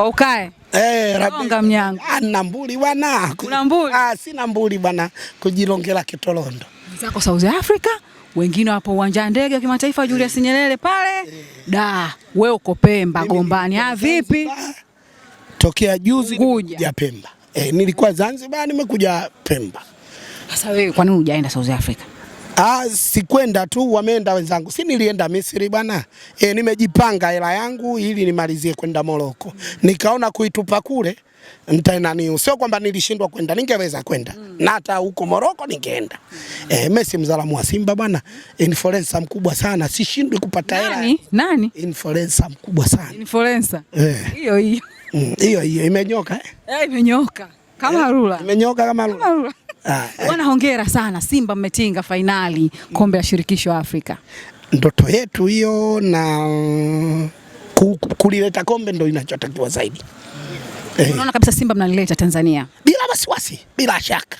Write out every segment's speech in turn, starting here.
ukae Eh, mnyango Ana ah, mbuli bwana. Kuna mbuli? Ah, sina mbuli bwana. kujirongela kitolondo. Zako South Africa, wengine wapo uwanja ndege wa kimataifa Julius eh. Nyerere pale. Eh. Da, wewe uko Pemba Gombani. Ah, vipi? Tokea juzi kuja Pemba. Eh, nilikuwa Zanzibar nimekuja Pemba. Sasa wewe kwa nini hujaenda South Africa? Ah, sikwenda tu, wameenda wenzangu. Si nilienda Misri bwana. E, nimejipanga hela yangu ili nimalizie kwenda Moroko. Nikaona kuitupa kule nitaenani. Sio kwamba nilishindwa kwenda, ningeweza kwenda. Na hata huko Moroko ningeenda. Eh, Messi mzalamu wa Simba bwana. Influencer mkubwa sana. Sishindwi kupata hela. Nani? Nani? Influencer mkubwa sana. Influencer. Eh. Hiyo hiyo. Mm, hiyo hiyo imenyoka eh? Eh, imenyoka. Kama eh, rula. Imenyoka kama rula. Ah, eh. Wana hongera sana, Simba mmetinga fainali kombe la shirikisho Afrika. Ndoto yetu hiyo, na mm, kulileta kombe ndo inachotakiwa zaidi. Eh. Unaona kabisa Simba mnalileta Tanzania bila wasiwasi, bila shaka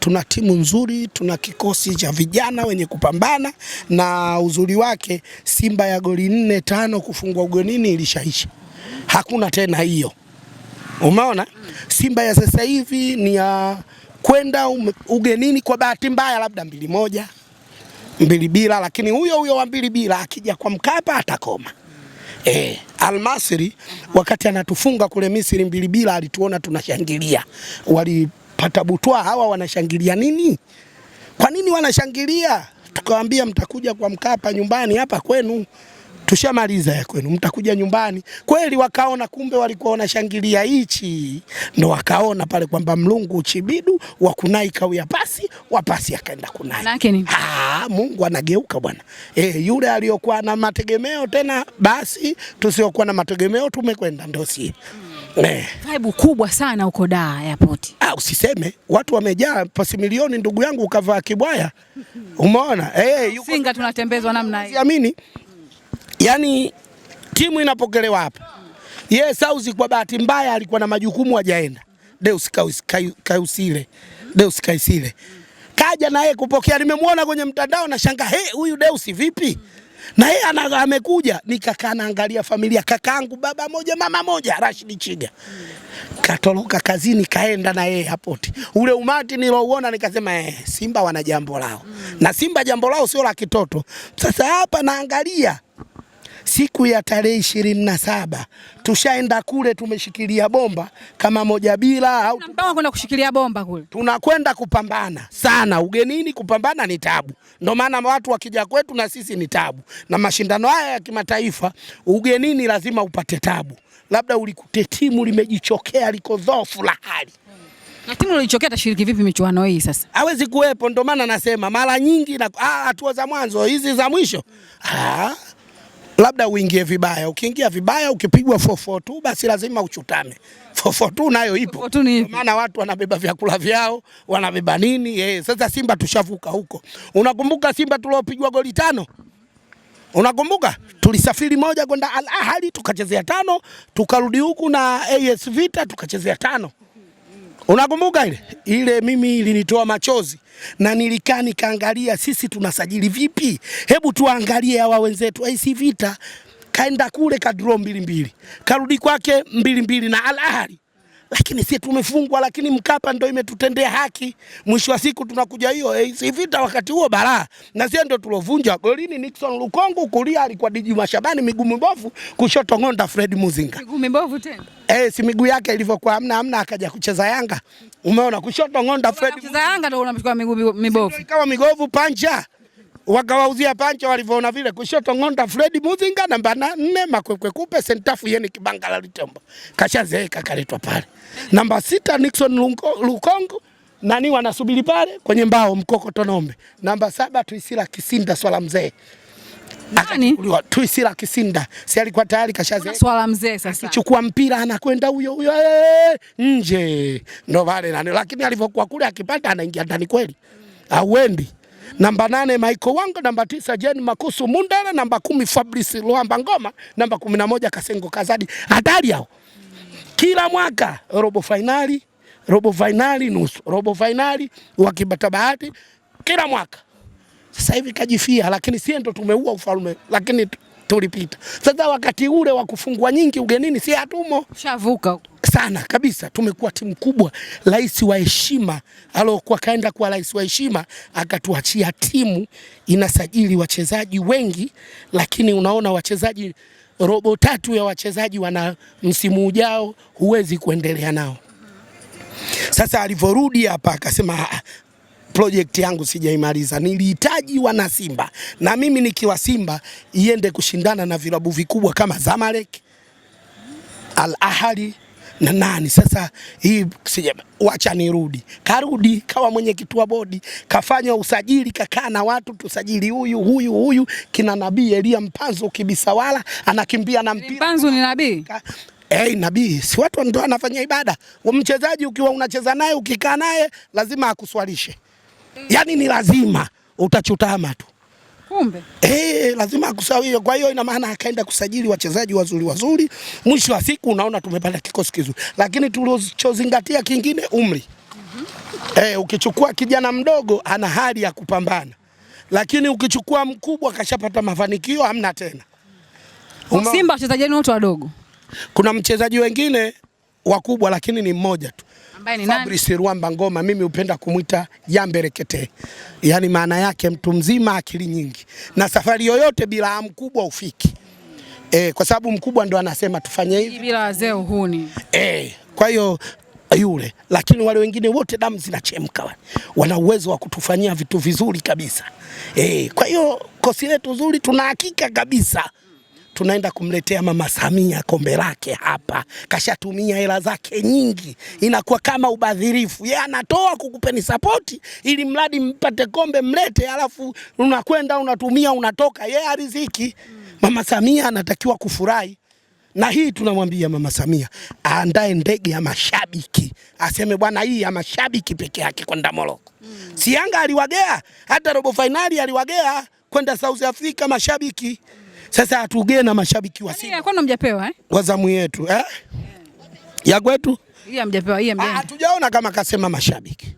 tuna timu nzuri, tuna kikosi cha vijana wenye kupambana, na uzuri wake Simba ya goli nne tano kufungwa ugenini ilishaisha, hakuna tena hiyo. Umeona Simba ya sasa hivi ni ya kwenda ugenini kwa bahati mbaya, labda mbili moja mbili bila, lakini huyo huyo wa mbili bila akija kwa Mkapa atakoma. Eh, Almasri wakati anatufunga kule Misri mbili bila alituona tunashangilia, walipata butwa hawa wanashangilia nini? Kwa nini wanashangilia? Tukawaambia mtakuja kwa Mkapa nyumbani hapa kwenu tushamaliza ya kwenu, mtakuja nyumbani kweli. Wakaona kumbe walikuwa wanashangilia hichi, ndo wakaona pale kwamba mlungu uchibidu wa kunai kauya pasi wa pasi akaenda kunai. Ah, Mungu anageuka bwana. Eh, yule aliyokuwa na mategemeo tena, basi tusiokuwa na mategemeo tumekwenda, ndio si Eh. Vibe kubwa sana huko Dar airport. Ah, usiseme watu wamejaa pasi milioni, ndugu yangu ukavaa kibwaya. Umeona? Eh, hey, yuko Singa tunatembezwa namna hii. Siamini yani timu inapokelewa hapa yeye Sauzi kwa bahati mbaya alikuwa na majukumu hajaenda. Deus Kausile, Deus Kaisile kaja na yeye kupokea, nimemwona kwenye mtandao na shanga, he, huyu Deus vipi? Na yeye amekuja, nikakaa naangalia familia, kakaangu baba moja mama moja, Rashid Chiga katoroka kazini kaenda na yeye hapo. Ule umati nilouona nikasema eh, Simba wana jambo lao na Simba jambo lao sio la kitoto. Sasa hapa naangalia siku ya tarehe ishirini na saba tushaenda kule, tumeshikilia bomba kama moja bila au kwenda kushikilia bomba kule. Tunakwenda kupambana sana ugenini, kupambana ni tabu, ndio maana watu wakija kwetu na sisi ni tabu, na mashindano haya ya kimataifa ugenini lazima upate tabu, labda ulikute timu limejichokea liko dhofu la hali na timu ilichokea tashiriki vipi michuano hii sasa? Hawezi kuwepo, ndio maana nasema mara nyingi na ah, hatua za mwanzo hizi za mwisho. Ah, labda uingie vibaya. Ukiingia vibaya, ukipigwa 442 basi lazima uchutame. 442 nayo ipo, maana watu wanabeba vyakula vyao, wanabeba nini eh. Sasa Simba tushavuka huko. Unakumbuka Simba tuliopigwa goli tano? Unakumbuka tulisafiri moja kwenda Al Ahly tukachezea tano, tukarudi huku na AS Vita tukachezea tano. Unakumbuka ile ile, mimi ilinitoa machozi na nilikaa nikaangalia, sisi tunasajili vipi? Hebu tuangalie hawa wenzetu, AC vita kaenda kule kadro mbili mbili, karudi kwake mbili mbili na Al Ahly lakini si tumefungwa, lakini Mkapa ndo imetutendea haki. Mwisho wa siku tunakuja hiyo AC eh, Vita, wakati huo balaa na sie ndo tulovunja. Golini Nixon Lukongu, kulia alikuwa Diji Mashabani, miguu mibovu, kushoto Ng'onda Fred Muzinga, miguu mibovu tena eh, si miguu yake ilivyokuwa amna amna, akaja kucheza Yanga, umeona, kushoto Ng'onda Fred Muzinga, Yanga ndo unamchukua miguu mibovu, ikawa migovu panja wakawauzia pancha walivyoona vile. Kushoto Ng'onda Fred Muzinga, namba nne Makwekwe Kupe, sentafu yeni kibanga la Litembo kashazeeka kaletwa pale. Namba sita Nixon Lukongo nani wanasubiri pale kwenye mbao mkoko tonombe. Namba saba Tuisila Kisinda swala mzee nani? Tuisila Kisinda si alikuwa tayari kashaze swala mzee, sasa chukua mpira anakwenda huyo huyo eh, eh, nje, ndo vale nani, lakini alivyokuwa kule akipata anaingia ndani kweli, auendi namba nane Michael Wango, namba tisa Jen Makusu Mundala, namba kumi Fabrice Luamba Ngoma, namba kumi na moja Kasengo Kazadi. Hatari yao kila mwaka robo fainali, robo fainali nusu, robo fainali wakipata bahati, kila mwaka. Sasa hivi kajifia, lakini si ndo tumeua ufalme, lakini tulipita. Sasa wakati ule wa kufungwa nyingi ugenini, si hatumo shavuka sana kabisa, tumekuwa timu kubwa. Rais wa heshima alokuwa kaenda kuwa rais wa heshima, akatuachia timu inasajili wachezaji wengi, lakini unaona wachezaji robo tatu ya wachezaji wana msimu ujao, huwezi kuendelea nao. Sasa alivyorudi hapa akasema ah, project yangu sijaimaliza. Nilihitaji wana Simba na mimi nikiwa Simba iende kushindana na vilabu vikubwa kama Zamalek, Al Ahly na nani sasa hii sija, wacha nirudi. Karudi kawa mwenyekiti wa bodi, kafanya usajili, kakaa na watu, tusajili huyu huyu huyu, kina Nabii Elia Mpanzu kibisawala anakimbia na mpira. Mpanzo ni nabii Hey, nabii si watu ndio anafanya ibada. Mchezaji ukiwa unacheza naye ukikaa naye lazima akuswalishe yani ni lazima utachutama tu kumbe. Eh, lazima akusawie. Kwa hiyo ina maana akaenda kusajili wachezaji wazuri wazuri, mwisho wa siku unaona tumepata kikosi kizuri, lakini tulichozingatia kingine umri. mm -hmm. Eh, ukichukua kijana mdogo ana hali ya kupambana, lakini ukichukua mkubwa kashapata mafanikio hamna tena. Simba wachezaji wote wadogo, kuna mchezaji wengine wakubwa lakini ni mmoja tu ambaye ni nani? Fabrice Ruamba Ngoma, mimi hupenda kumwita Yamberekete, yaani maana yake mtu mzima, akili nyingi, na safari yoyote bila mkubwa ufiki e, kwa sababu mkubwa ndo anasema tufanye hivi, bila wazee uhuni e, kwa hiyo yule lakini wale wengine wote damu zinachemka, wana uwezo wa kutufanyia vitu vizuri kabisa e, kwa hiyo kosi letu zuri, tuna hakika kabisa tunaenda kumletea Mama Samia kombe lake hapa, kashatumia hela zake nyingi, inakuwa kama ubadhirifu. Yeye anatoa kukupeni sapoti ili mradi mpate kombe mlete, alafu unakwenda unatumia unatoka, yeye ariziki. Mama Samia anatakiwa kufurahi na hii tunamwambia Mama Samia aandae ndege ya mashabiki, aseme bwana, hii ya mashabiki peke yake kwenda Moroko. Mm. Si Yanga aliwagea hata robo fainali, aliwagea kwenda South Africa mashabiki. Sasa hatugee na mashabiki wa yaani Simba. Kwani hamjapewa eh? Kwa zamu yetu eh? Ya kwetu? Hii hamjapewa, hii hamjapewa. Ah, hatujaona kama kasema mashabiki.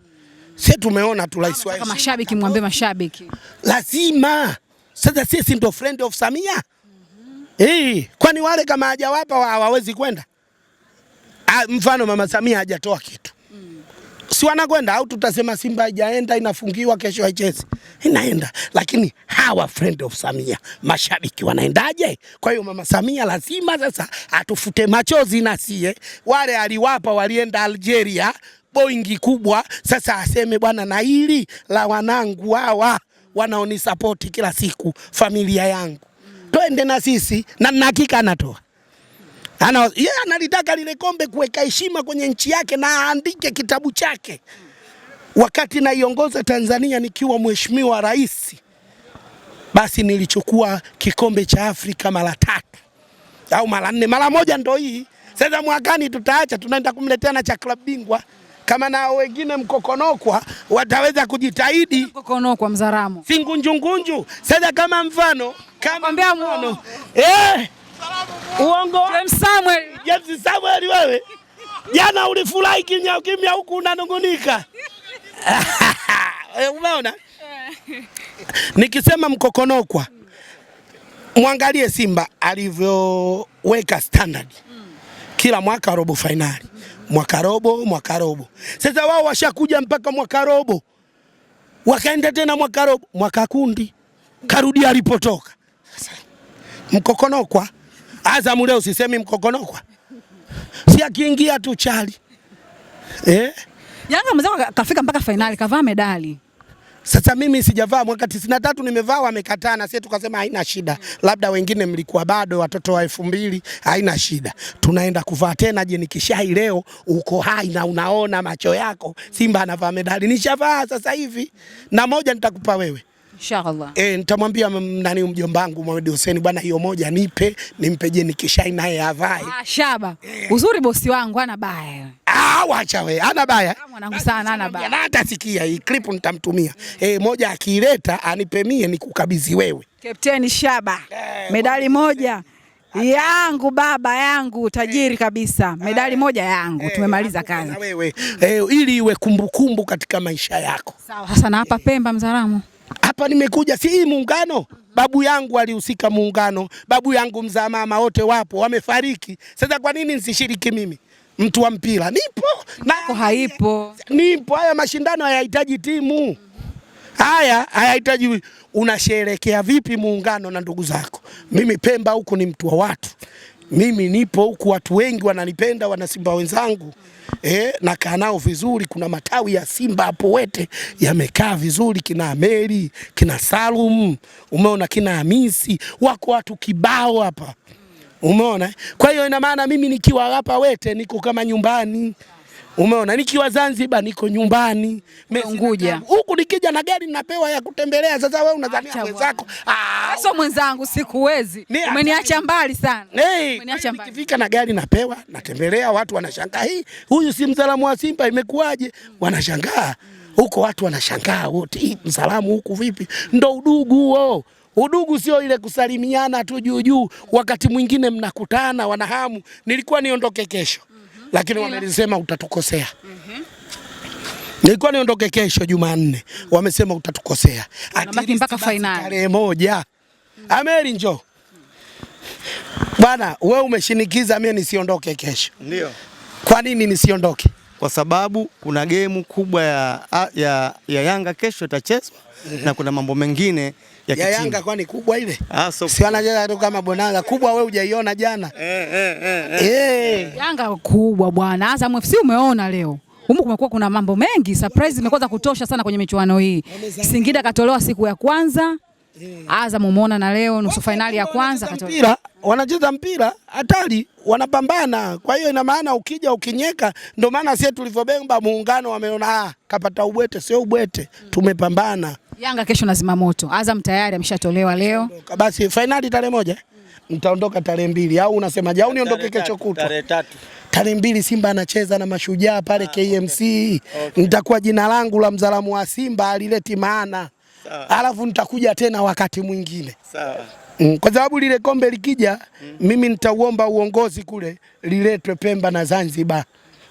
Sisi tumeona tu rais wa kama mashabiki mwambie mashabiki. Lazima. Sasa sisi ndio friend of Samia. Mm -hmm. Eh, kwani wale kama hajawapa hawawezi kwenda? Ah, mfano mama Samia hajatoa kitu. Mm. Si wanakwenda au tutasema Simba haijaenda inafungiwa kesho haichezi. Inaenda lakini hawa friend of Samia mashabiki wanaendaje? Kwa hiyo mama Samia lazima sasa atufute machozi na sie wale aliwapa walienda Algeria Boingi kubwa, sasa aseme bwana, na hili la wanangu hawa wanaonisapoti kila siku, familia yangu, twende na sisi, na nina hakika anatoa ana yeye yeah, analitaka lile kombe kuweka heshima kwenye nchi yake na aandike kitabu chake. Wakati naiongoza Tanzania nikiwa mheshimiwa rais basi nilichukua kikombe cha Afrika mara tatu au mara nne, mara moja ndo hii sasa. Mwakani tutaacha, tunaenda kumletea na cha klabu bingwa kama na wengine mkokonokwa wataweza kujitahidi mkokonokwa mzaramo singunjungunju. Sasa kama mfano kama mfano eh, uongo James Samuel, James Samuel, wewe jana ulifurahi kimya kimya, huku unanungunika eh, umeona Nikisema mkokonokwa, mwangalie Simba alivyoweka standard kila mwaka robo fainali, mwaka robo, mwaka robo. Sasa wao washakuja mpaka mwaka robo, wakaenda tena mwaka robo, mwaka kundi, karudi alipotoka. mkokonokwa Azamu leo sisemi mkokonokwa, si akiingia tu chali eh? Yanga mzee kafika mpaka fainali, kavaa medali sasa mimi sijavaa mwaka 93 nimevaa, wamekataa na sisi tukasema haina shida, labda wengine mlikuwa bado watoto wa 2000, haina shida, tunaenda kuvaa tena. Je, nikishai leo uko hai na unaona macho yako, Simba anavaa medali, nishavaa sasa hivi, na moja nitakupa wewe Inshallah. Eh, nitamwambia nani mjomba wangu Mohamed Hussein bwana, hiyo moja nipe nimpeje, nikishai naye avae. Ah, shaba. Eh. Uzuri bosi wangu ana baya. Ah, wacha wewe. Ana baya. Ah, mwanangu sana ana baya. Na hata sikia hii clip nitamtumia. Mm. Eh, moja akileta anipe mie nikukabidhi wewe. Captain Shaba. Eh, medali moja yangu baba yangu tajiri eh. kabisa, medali eh. moja yangu. Eh, tumemaliza kazi wewe, ili iwe kumbukumbu katika maisha yako. Sawa. Sasa na hapa Pemba Mzaramo hapa nimekuja, si hii muungano. Babu yangu alihusika muungano, babu yangu mzaa mama wote wapo wamefariki. Sasa kwa nini nisishiriki mimi? Mtu wa mpira nipo na haipo, nipo. Haya mashindano hayahitaji timu, haya hayahitaji unasherekea vipi muungano na ndugu zako. Mimi Pemba huku ni mtu wa watu mimi nipo huku, watu wengi wananipenda, wana Simba wenzangu eh, nakaa nao vizuri. Kuna matawi ya Simba hapo Wete yamekaa vizuri, kina Ameri, kina Salum, umeona, kina Hamisi, wako watu kibao hapa, umeona. Kwa hiyo ina maana mimi nikiwa hapa Wete niko kama nyumbani. Umeona, nikiwa Zanzibar niko nyumbani Unguja, huku nikija na gari napewa ya kutembelea. Sasa wewe unadhania wenzako? Ah, mwenzangu, sikuwezi, umeniacha mbali sana. Nikifika na gari napewa, natembelea, watu wanashangaa, hii huyu si msalamu wa Simba, imekuwaje? Wanashangaa huko, watu wanashangaa wote, hii msalamu huku vipi? Ndo udugu huo. Udugu sio ile kusalimiana tu juu juu, wakati mwingine mnakutana, wanahamu, nilikuwa niondoke kesho lakini wamelisema utatukosea. Nilikuwa niondoke kesho Jumanne, wamesema utatukosea mpaka finali tarehe moja. Ameri njo bwana, we umeshinikiza mimi nisiondoke kesho. Ndio. Kwa nini nisiondoke? Kwa sababu kuna gemu kubwa ya, ya, ya Yanga kesho itachezwa. mm -hmm. na kuna mambo mengine ya, ya Yanga kwani kubwa ile? Ah, so si wanacheza tu kama bonanza kubwa, wewe hujaiona jana eh, eh, eh, eh. Eh. Yanga kubwa bwana, Azam FC umeona leo humu kumekuwa kuna mambo mengi, surprise imekuwa za kutosha sana kwenye michuano hii. Singida katolewa siku ya kwanza, eh. Azam umeona na leo nusu fainali ya kwanza katolewa. Wanacheza mpira hatari, wanapambana. Kwa hiyo ina maana ukija ukinyeka, ndio maana sie tulivyobemba muungano wameona, ah, kapata ubwete. Sio ubwete, mm. tumepambana. Yanga kesho na Zimamoto. Azam tayari ameshatolewa leo. Basi fainali tarehe moja eh? mtaondoka tarehe mbili au unasemaje? Au niondoke kesho kutwa tarehe tatu? Tarehe mbili Simba anacheza na mashujaa pale ah, KMC. Okay. Nitakuwa jina langu la mzalamu wa Simba alileti maana, alafu nitakuja tena wakati mwingine Mm, kwa sababu lile kombe likija, mm, mimi nitauomba uongozi kule liletwe Pemba na Zanzibar.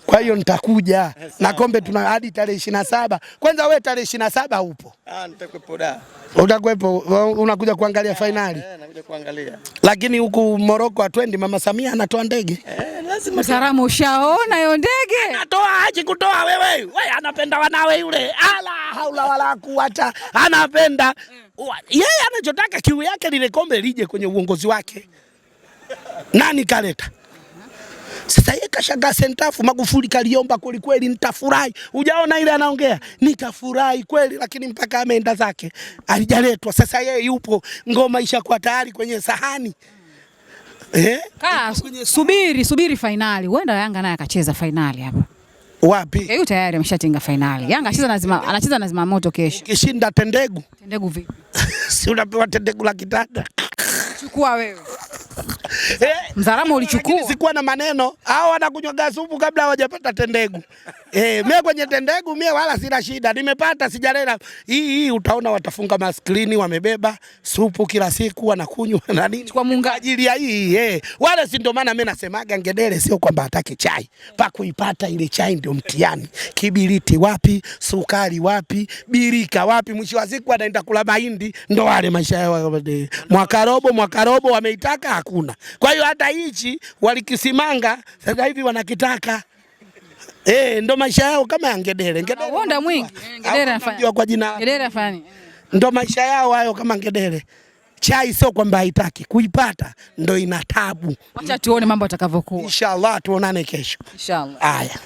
Kwa hiyo nitakuja eh, na kombe, tuna hadi tarehe ishirini na saba. Kwanza wewe tarehe ishirini na saba upo? Ah, nitakuepo da. Utakuepo, unakuja kuangalia eh, fainali? Eh, nakuja kuangalia. Lakini huku Moroko atwendi, Mama Samia anatoa ndege eh, lazima salamu Ushaona hiyo ndege anatoa? Aje kutoa wewe, wewe anapenda wanawe yule, ala haula wala kuwata, anapenda eh. yeye anachotaka kiu yake, lile kombe lije kwenye uongozi wake. Nani kaleta sasa yeye kashangaa sentafu Magufuli kaliomba kweli kweli, nitafurahi. Ujaona ile anaongea nitafurahi kweli, lakini mpaka ameenda zake alijaletwa. Sasa yeye yupo ngoma ishakuwa tayari kwenye sahani. Eh? Kaa, subiri subiri fainali. Huenda Yanga naye akacheza fainali hapa. Wapi? Yeye tayari ameshatinga fainali. Yanga anacheza lazima anacheza lazima moto kesho. Kishinda tendegu. Tendegu vipi? si unapewa tendegu la kitanda. Chukua wewe. Eh, Mzaramo ulichukua. Sikuwa na maneno. Hao wanakunywaga supu kabla hawajapata tendegu. Eh, mimi kwenye tendegu mimi wala sina shida. Nimepata sijalela. Hii hii utaona watafunga maskrini wamebeba supu kila siku wanakunywa na nini. Kwa munga ajili ya hii eh. Wale si ndio maana mimi nasemaga ngedere sio kwamba hataki chai. Pa kuipata ile chai ndio mtihani. Kibiriti wapi? Sukari wapi? Birika wapi? Mwisho wa siku anaenda kula mahindi. Ndo wale maisha yao mwaka robo mwaka robo wameitaka hakuna. Kwa hiyo hata hichi walikisimanga sasa hivi wanakitaka. Eh, ndo maisha yao kama Ngedere. Ngedere wonda mwingi. Eh, Ngedere afanya. Kwa jina. Ngedere afanya. Ndo maisha yao hayo kama Ngedere. Chai sio kwamba haitaki kuipata, ndo ina tabu. Acha tuone mambo atakavyokuwa. Inshallah tuonane kesho. Inshallah. Aya.